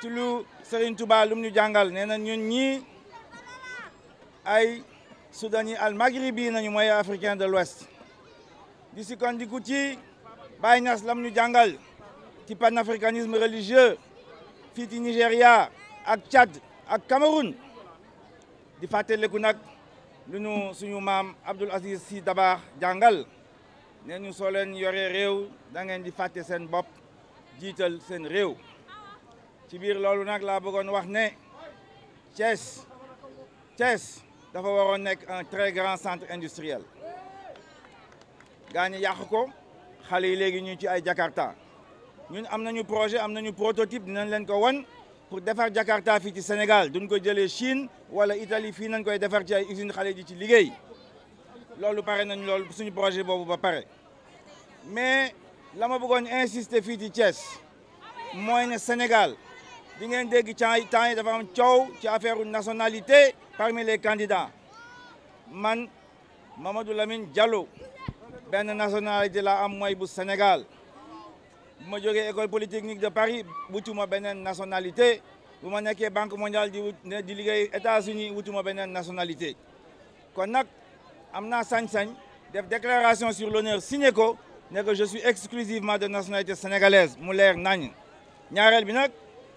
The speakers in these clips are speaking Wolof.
ci Serigne Touba lum ñu jàngal ñun ñi ay soudani al maghribi nañu africain de l'ouest di sukkandiku ci Baye Niass lam ñu jàngal ci panafricanisme religieux fiti ci Nigeria, ak Tchad ak Cameroun di le nak lu ñu suñu mam Abdul Aziz si Dabakh jangal néñu ñu leen yore réew da ngeen di faté sen bop jital sen ci biir loolu nag laa bëggoon wax ne Thiès Thiès dafa un très grand centre industriel gaa yahoko, Khalil ko xale yi ñu ci ay Jakarta ñun avons nañu projet avons nañu prototype dinañ leen ko wan pour defar Jakarta fii ci Sénégal duñ ko jëlee Chine wala Italie fii nañ koy defar ci ay usine xale ji ci liggéey nous pare nañ loolu suñu projet boobu ba pare mais la ma insister fii ci Thiès le Sénégal di ngeen dégg une temps dafa am ci affaire nationalité parmi les candidats man Mamadou Lamine Diallo benn nationalité la am Sénégal Je suis école polytechnique de Paris suis une nationalité bu suis la banque mondiale di États-Unis wutuma une nationalité kon nag am sañ-sañ def déclaration sur l'honneur signé ko que je suis exclusivement de nationalité sénégalaise mu leer nañ suis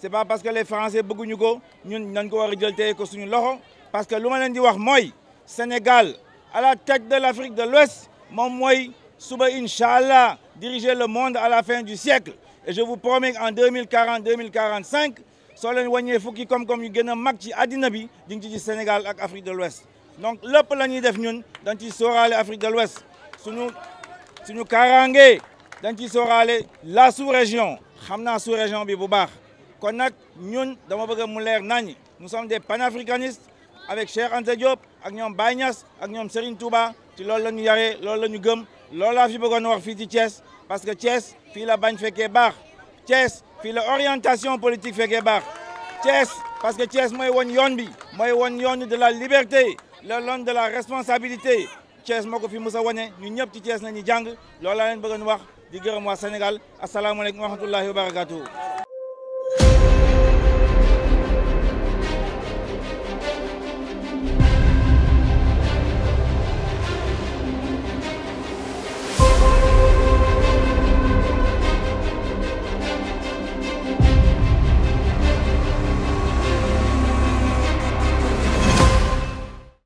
c'est pas parce que les Français beaucoup ko ñun nañ ko war pas jël téye ko suñu parce que lu ma leen di wax Sénégal à la tête de l'Afrique de l'Ouest Mon mooy suba incha diriger le monde à la fin du siècle et je vous promets en 2040 2045 Solène leen wàññee fukki comme koom yu gën a mag ci àddina bi Sénégal ak l'Afrique de l'Ouest donc le plan de def ñun dañ ciy sóoraale Afrique de l'Ouest suñu nous kaaraange dañ aller sóoraale la sous-région xam sous-région bi bu kon nag ñun dama bëgg mu leer naññi nous sommes des panafricanistes avec Cheikh Anta Diop ak ñoom Baye Niass ak ñoom Serigne Touba ci loolu la ñu loolu la gëm loolu laa fi bëggoon wax fii ci Thiès parce que Thiès fii la bañ fekkee baax Thiès fii la orientation politique fekkee baax Thiès parce que Thiès mooy woon yoon bi mooy woon yoon de la liberté le loon de la responsabilité Thiès moo ko fi mës a wane ñu ñëpp ci Thiès nañu jàng loolu laa leen wax di gërëm waa Sénégal asalaamaaleykum wa rahmatullahi wa barakatuhu